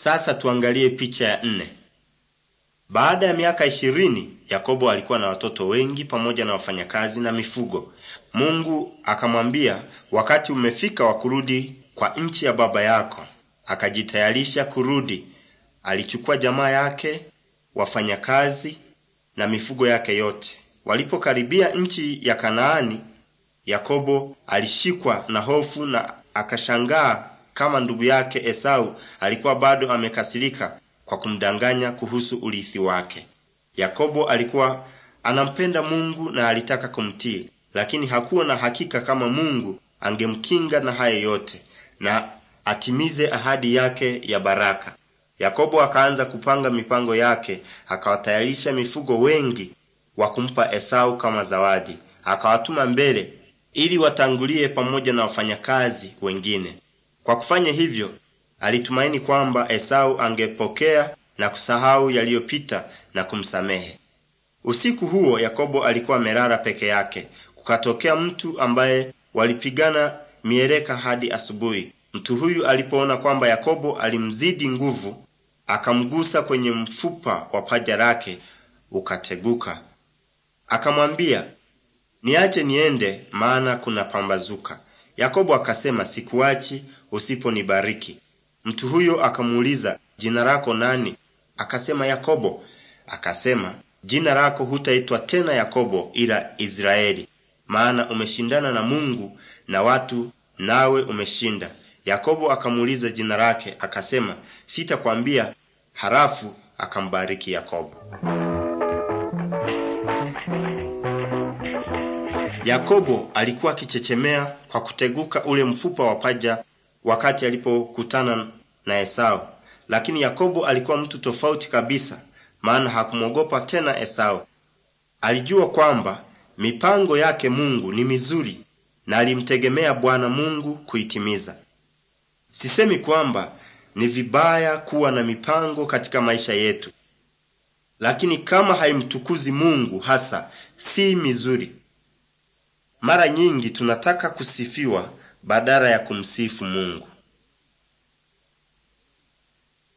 Sasa tuangalie picha ya nne. Baada ya miaka ishirini, Yakobo alikuwa na watoto wengi pamoja na wafanyakazi na mifugo. Mungu akamwambia, wakati umefika wa kurudi kwa nchi ya baba yako. Akajitayarisha kurudi. Alichukua jamaa yake, wafanyakazi na mifugo yake yote. Walipokaribia nchi ya Kanaani, Yakobo alishikwa na hofu na akashangaa kama ndugu yake Esau alikuwa bado amekasirika kwa kumdanganya kuhusu urithi wake. Yakobo alikuwa anampenda Mungu na alitaka kumtii, lakini hakuwa na hakika kama Mungu angemkinga na haya yote na atimize ahadi yake ya baraka. Yakobo akaanza kupanga mipango yake, akawatayarisha mifugo wengi wa kumpa Esau kama zawadi, akawatuma mbele ili watangulie pamoja na wafanyakazi wengine. Kwa kufanya hivyo, alitumaini kwamba Esau angepokea na kusahau yaliyopita na kumsamehe. Usiku huo Yakobo alikuwa amelala peke yake. Kukatokea mtu ambaye walipigana miereka hadi asubuhi. Mtu huyu alipoona kwamba Yakobo alimzidi nguvu, akamgusa kwenye mfupa wa paja lake ukateguka. Akamwambia, niache niende, maana kuna pambazuka. Yakobo akasema, sikuachi usiponibariki. Mtu huyo akamuuliza, jina lako nani? Akasema, Yakobo. Akasema, jina lako hutaitwa tena Yakobo, ila Israeli, maana umeshindana na Mungu na watu, nawe umeshinda. Yakobo akamuuliza jina lake, akasema, sitakwambia. Halafu akambariki Yakobo. Yakobo alikuwa akichechemea kwa kuteguka ule mfupa wa paja wakati alipokutana na Esau, lakini Yakobo alikuwa mtu tofauti kabisa, maana hakumwogopa tena Esau. Alijua kwamba mipango yake Mungu ni mizuri na alimtegemea Bwana Mungu kuitimiza. Sisemi kwamba ni vibaya kuwa na mipango katika maisha yetu, lakini kama haimtukuzi Mungu hasa si mizuri. Mara nyingi tunataka kusifiwa badala ya kumsifu Mungu.